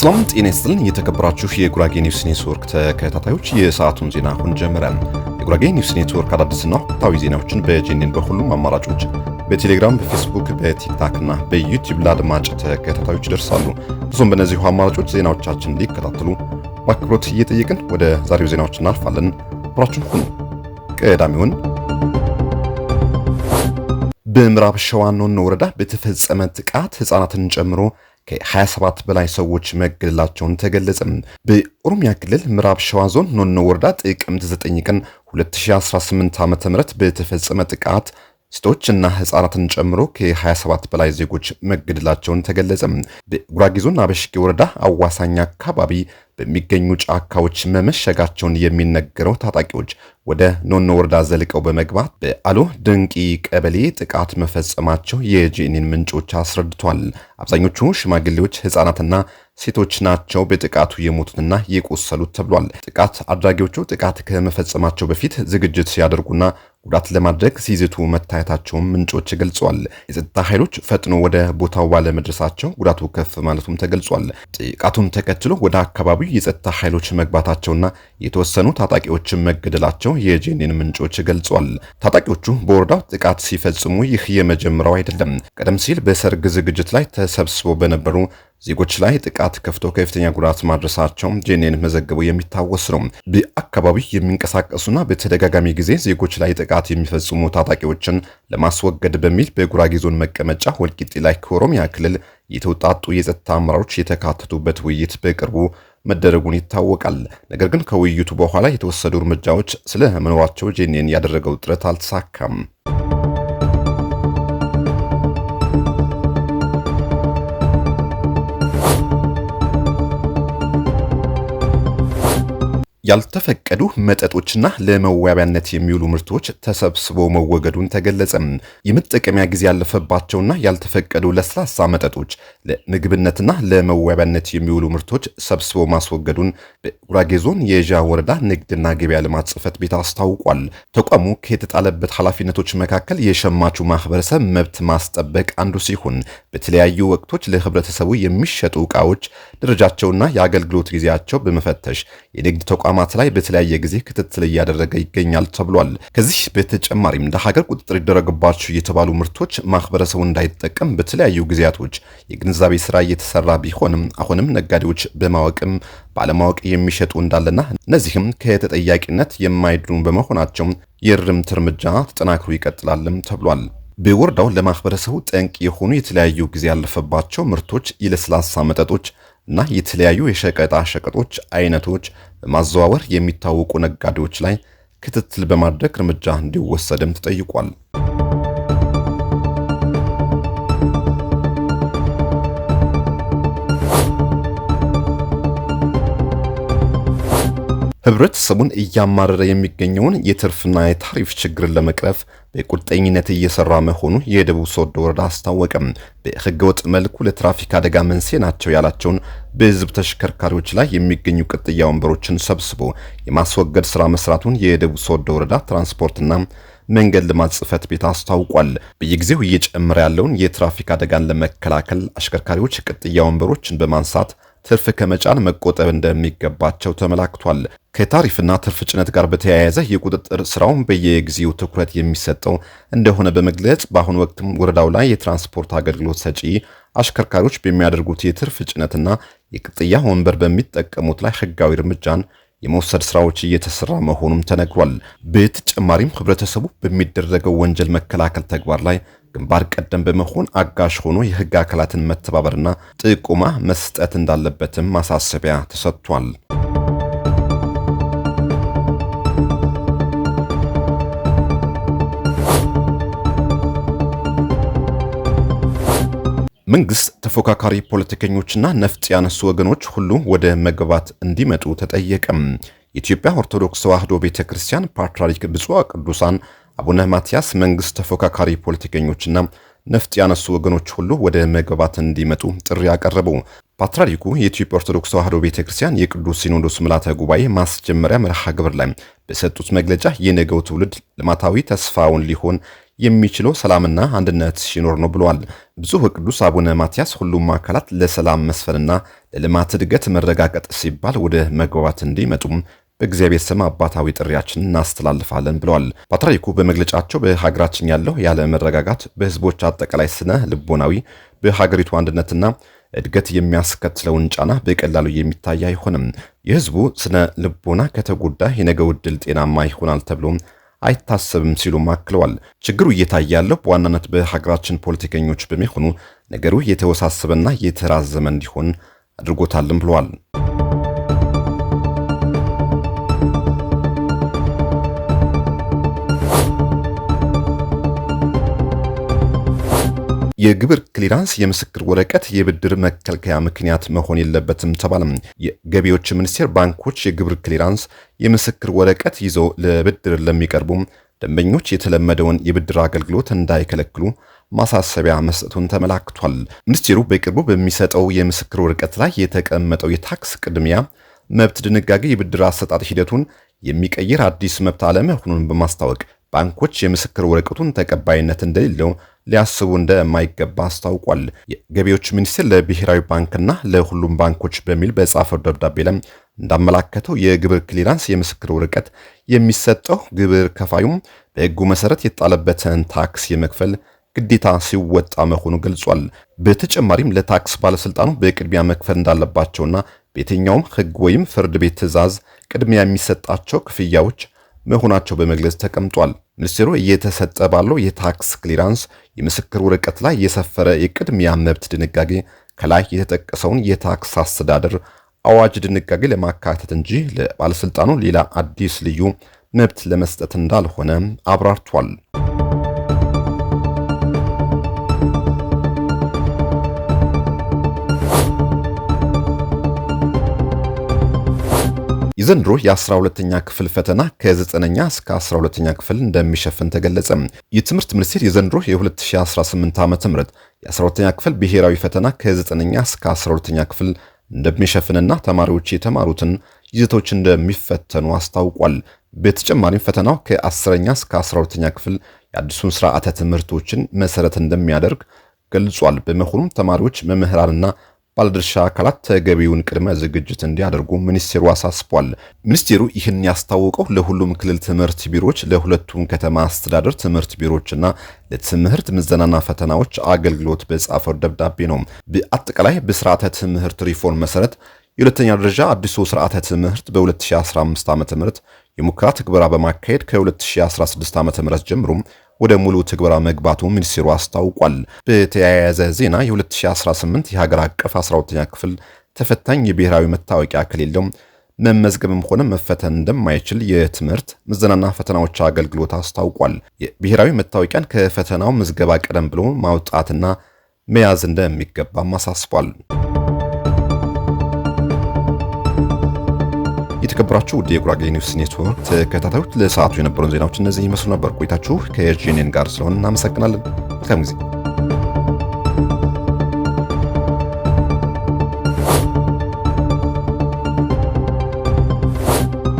ሰላም ጤና ይስጥልን። የተከበራችሁ የጉራጌ ኒውስ ኔትወርክ ተከታታዮች የሰዓቱን ዜና አሁን ጀምረን። የጉራጌ ኒውስ ኔትወርክ አዳዲስና ወቅታዊ ዜናዎችን በጄኔን በሁሉም አማራጮች በቴሌግራም፣ በፌስቡክ፣ በቲክታክ እና በዩቲዩብ ለአድማጭ ተከታታዮች ይደርሳሉ። ብዙም በእነዚሁ አማራጮች ዜናዎቻችን እንዲከታተሉ በአክብሮት እየጠየቅን ወደ ዛሬው ዜናዎች እናልፋለን። አብራችሁን ሁኑ። ቀዳሚውን በምዕራብ ሸዋ ኖኖ ወረዳ በተፈጸመ ጥቃት ህፃናትን ጨምሮ ከ27 በላይ ሰዎች መገደላቸውን ተገለጸም። በኦሮሚያ ክልል ምዕራብ ሸዋ ዞን ኖኖ ወረዳ ጥቅምት 9 ቀን 2018 ዓ.ም በተፈጸመ ጥቃት ሴቶችና ህጻናትን ጨምሮ ከ27 በላይ ዜጎች መገደላቸውን ተገለጸ። በጉራጌ ዞን አበሽጌ ወረዳ አዋሳኝ አካባቢ በሚገኙ ጫካዎች መመሸጋቸውን የሚነገረው ታጣቂዎች ወደ ኖኖ ወረዳ ዘልቀው በመግባት በአሎ ድንቂ ቀበሌ ጥቃት መፈጸማቸው የጄኔን ምንጮች አስረድቷል። አብዛኞቹ ሽማግሌዎች፣ ህጻናትና ሴቶች ናቸው በጥቃቱ የሞቱትና የቆሰሉት ተብሏል። ጥቃት አድራጊዎቹ ጥቃት ከመፈጸማቸው በፊት ዝግጅት ሲያደርጉና ጉዳት ለማድረግ ሲዝቱ መታየታቸውን ምንጮች ገልጿል። የጸጥታ ኃይሎች ፈጥኖ ወደ ቦታው ባለመድረሳቸው ጉዳቱ ከፍ ማለቱም ተገልጿል። ጥቃቱን ተከትሎ ወደ አካባቢው የጸጥታ ኃይሎች መግባታቸውና የተወሰኑ ታጣቂዎችን መገደላቸው የጄኔን ምንጮች ገልጿል። ታጣቂዎቹ በወረዳው ጥቃት ሲፈጽሙ ይህ የመጀመሪያው አይደለም። ቀደም ሲል በሰርግ ዝግጅት ላይ ተሰብስበው በነበሩ ዜጎች ላይ ጥቃት ከፍቶ ከፍተኛ ጉዳት ማድረሳቸውም ጄኔን መዘገቡ የሚታወስ ነው። በአካባቢ የሚንቀሳቀሱና በተደጋጋሚ ጊዜ ዜጎች ላይ ጥቃት የሚፈጽሙ ታጣቂዎችን ለማስወገድ በሚል በጉራጌ ዞን መቀመጫ ወልቂጤ ላይ ከኦሮሚያ ክልል የተውጣጡ የጸጥታ አመራሮች የተካተቱበት ውይይት በቅርቡ መደረጉን ይታወቃል። ነገር ግን ከውይይቱ በኋላ የተወሰዱ እርምጃዎች መኖራቸው ጄኔን ያደረገው ጥረት አልተሳካም። ያልተፈቀዱ መጠጦችና ለመዋቢያነት የሚውሉ ምርቶች ተሰብስበው መወገዱን ተገለጸ። የመጠቀሚያ ጊዜ ያለፈባቸውና ያልተፈቀዱ ለስላሳ መጠጦች ለምግብነትና ለመዋቢያነት የሚውሉ ምርቶች ሰብስበው ማስወገዱን በጉራጌ ዞን የዣ ወረዳ ንግድና ገበያ ልማት ጽሕፈት ቤት አስታውቋል። ተቋሙ ከተጣለበት ኃላፊነቶች መካከል የሸማቹ ማህበረሰብ መብት ማስጠበቅ አንዱ ሲሆን በተለያዩ ወቅቶች ለህብረተሰቡ የሚሸጡ እቃዎች ደረጃቸውና የአገልግሎት ጊዜያቸው በመፈተሽ የንግድ ተቋማ ተቋማት ላይ በተለያየ ጊዜ ክትትል እያደረገ ይገኛል ተብሏል። ከዚህ በተጨማሪም እንደ ሀገር ቁጥጥር ይደረግባቸው የተባሉ ምርቶች ማህበረሰቡ እንዳይጠቀም በተለያዩ ጊዜያቶች የግንዛቤ ስራ እየተሰራ ቢሆንም አሁንም ነጋዴዎች በማወቅም ባለማወቅ የሚሸጡ እንዳለና እነዚህም ከተጠያቂነት የማይድኑ በመሆናቸው የእርምት እርምጃ ተጠናክሮ ይቀጥላልም ተብሏል። በወረዳው ለማህበረሰቡ ጠንቅ የሆኑ የተለያዩ ጊዜ ያለፈባቸው ምርቶች የለስላሳ መጠጦች እና የተለያዩ የሸቀጣ ሸቀጦች አይነቶች በማዘዋወር የሚታወቁ ነጋዴዎች ላይ ክትትል በማድረግ እርምጃ እንዲወሰድም ተጠይቋል። ህብረተሰቡን እያማረረ የሚገኘውን የትርፍና የታሪፍ ችግርን ለመቅረፍ በቁርጠኝነት እየሰራ መሆኑ የደቡብ ሶዶ ወረዳ አስታወቀም። በህገወጥ መልኩ ለትራፊክ አደጋ መንስኤ ናቸው ያላቸውን በህዝብ ተሽከርካሪዎች ላይ የሚገኙ ቅጥያ ወንበሮችን ሰብስቦ የማስወገድ ስራ መስራቱን የደቡብ ሶዶ ወረዳ ትራንስፖርትና መንገድ ልማት ጽህፈት ቤት አስታውቋል። በየጊዜው እየጨመረ ያለውን የትራፊክ አደጋን ለመከላከል አሽከርካሪዎች ቅጥያ ወንበሮችን በማንሳት ትርፍ ከመጫን መቆጠብ እንደሚገባቸው ተመላክቷል። ከታሪፍና ትርፍ ጭነት ጋር በተያያዘ የቁጥጥር ስራውን በየጊዜው ትኩረት የሚሰጠው እንደሆነ በመግለጽ በአሁኑ ወቅትም ወረዳው ላይ የትራንስፖርት አገልግሎት ሰጪ አሽከርካሪዎች በሚያደርጉት የትርፍ ጭነትና የቅጥያ ወንበር በሚጠቀሙት ላይ ህጋዊ እርምጃን የመውሰድ ስራዎች እየተሰራ መሆኑም ተነግሯል። በተጨማሪም ህብረተሰቡ በሚደረገው ወንጀል መከላከል ተግባር ላይ ግንባር ቀደም በመሆን አጋሽ ሆኖ የህግ አካላትን መተባበርና ጥቁማ መስጠት እንዳለበትም ማሳሰቢያ ተሰጥቷል። መንግስት ተፎካካሪ ፖለቲከኞችና ነፍጥ ያነሱ ወገኖች ሁሉ ወደ መግባት እንዲመጡ ተጠየቀም። የኢትዮጵያ ኦርቶዶክስ ተዋሕዶ ቤተ ክርስቲያን ፓትርያርክ ብፁዕ ቅዱሳን አቡነ ማትያስ መንግስት ተፎካካሪ ፖለቲከኞችና ነፍጥ ያነሱ ወገኖች ሁሉ ወደ መግባት እንዲመጡ ጥሪ አቀረቡ። ፓትርያርኩ የኢትዮጵያ ኦርቶዶክስ ተዋሕዶ ቤተ ክርስቲያን የቅዱስ ሲኖዶስ ምልዓተ ጉባኤ ማስጀመሪያ መርሃ ግብር ላይ በሰጡት መግለጫ የነገው ትውልድ ልማታዊ ተስፋውን ሊሆን የሚችለው ሰላምና አንድነት ሲኖር ነው ብለዋል። ብፁዕ ወቅዱስ አቡነ ማትያስ ሁሉም አካላት ለሰላም መስፈንና ለልማት እድገት መረጋገጥ ሲባል ወደ መግባባት እንዲመጡም በእግዚአብሔር ስም አባታዊ ጥሪያችንን እናስተላልፋለን ብለዋል። ፓትርያርኩ በመግለጫቸው በሀገራችን ያለው ያለ መረጋጋት አጠቃላይ ስነ ልቦናዊ፣ በሀገሪቱ አንድነትና እድገት የሚያስከትለውን ጫና በቀላሉ የሚታይ አይሆንም። የህዝቡ ስነ ልቦና ከተጎዳ የነገው ዕድል ጤናማ ይሆናል ተብሎም አይታሰብም ሲሉ አክለዋል። ችግሩ እየታየ ያለው በዋናነት በሀገራችን ፖለቲከኞች በሚሆኑ ነገሩ የተወሳሰበና የተራዘመ እንዲሆን አድርጎታልም ብለዋል። የግብር ክሊራንስ የምስክር ወረቀት የብድር መከልከያ ምክንያት መሆን የለበትም ተባለም። የገቢዎች ሚኒስቴር ባንኮች የግብር ክሊራንስ የምስክር ወረቀት ይዘው ለብድር ለሚቀርቡ ደንበኞች የተለመደውን የብድር አገልግሎት እንዳይከለክሉ ማሳሰቢያ መስጠቱን ተመላክቷል። ሚኒስቴሩ በቅርቡ በሚሰጠው የምስክር ወረቀት ላይ የተቀመጠው የታክስ ቅድሚያ መብት ድንጋጌ የብድር አሰጣጥ ሂደቱን የሚቀይር አዲስ መብት አለመሆኑን በማስታወቅ ባንኮች የምስክር ወረቀቱን ተቀባይነት እንደሌለው ሊያስቡ እንደማይገባ አስታውቋል። የገቢዎች ሚኒስቴር ለብሔራዊ ባንክና ለሁሉም ባንኮች በሚል በጻፈው ደብዳቤ ላይ እንዳመላከተው የግብር ክሊራንስ የምስክር ወረቀት የሚሰጠው ግብር ከፋዩም በሕጉ መሰረት የተጣለበትን ታክስ የመክፈል ግዴታ ሲወጣ መሆኑ ገልጿል። በተጨማሪም ለታክስ ባለስልጣኑ በቅድሚያ መክፈል እንዳለባቸውና በየትኛውም ሕግ ወይም ፍርድ ቤት ትዕዛዝ ቅድሚያ የሚሰጣቸው ክፍያዎች መሆናቸው በመግለጽ ተቀምጧል። ሚኒስቴሩ እየተሰጠ ባለው የታክስ ክሊራንስ የምስክር ወረቀት ላይ የሰፈረ የቅድሚያ መብት ድንጋጌ ከላይ የተጠቀሰውን የታክስ አስተዳደር አዋጅ ድንጋጌ ለማካተት እንጂ ለባለስልጣኑ ሌላ አዲስ ልዩ መብት ለመስጠት እንዳልሆነ አብራርቷል። የዘንድሮ የ12ኛ ክፍል ፈተና ከ9ኛ እስከ 12ኛ ክፍል እንደሚሸፍን ተገለጸ። የትምህርት ሚኒስቴር የዘንድሮ የ2018 ዓ ም የ12ኛ ክፍል ብሔራዊ ፈተና ከ9ኛ እስከ 12ኛ ክፍል እንደሚሸፍንና ተማሪዎች የተማሩትን ይዘቶች እንደሚፈተኑ አስታውቋል። በተጨማሪም ፈተናው ከ10ኛ እስከ 12ኛ ክፍል የአዲሱን ስርዓተ ትምህርቶችን መሰረት እንደሚያደርግ ገልጿል። በመሆኑም ተማሪዎች መምህራንና ባለድርሻ አካላት ተገቢውን ቅድመ ዝግጅት እንዲያደርጉ ሚኒስቴሩ አሳስቧል። ሚኒስቴሩ ይህን ያስታወቀው ለሁሉም ክልል ትምህርት ቢሮዎች፣ ለሁለቱም ከተማ አስተዳደር ትምህርት ቢሮዎችና ለትምህርት ምዘናና ፈተናዎች አገልግሎት በጻፈው ደብዳቤ ነው። በአጠቃላይ በስርዓተ ትምህርት ሪፎርም መሰረት የሁለተኛ ደረጃ አዲሱ ስርዓተ ትምህርት በ2015 ዓ ም የሙከራ ትግበራ በማካሄድ ከ2016 ዓ ም ጀምሮም ወደ ሙሉ ትግበራ መግባቱ ሚኒስቴሩ አስታውቋል። በተያያዘ ዜና የ2018 የሀገር አቀፍ 12ኛ ክፍል ተፈታኝ የብሔራዊ መታወቂያ ከሌለው መመዝገብም ሆነ መፈተን እንደማይችል የትምህርት ምዘናና ፈተናዎች አገልግሎት አስታውቋል። የብሔራዊ መታወቂያን ከፈተናው ምዝገባ ቀደም ብሎ ማውጣትና መያዝ እንደሚገባም አሳስቧል። የተከበራችሁ ውድ የጉራጌ ኒውስ ኔትወርክ ተከታታዮች ለሰዓቱ የነበረውን ዜናዎች እነዚህ ይመስሉ ነበር። ቆይታችሁ ከኤችኤንኤን ጋር ስለሆነ እናመሰግናለን። መልካም ጊዜ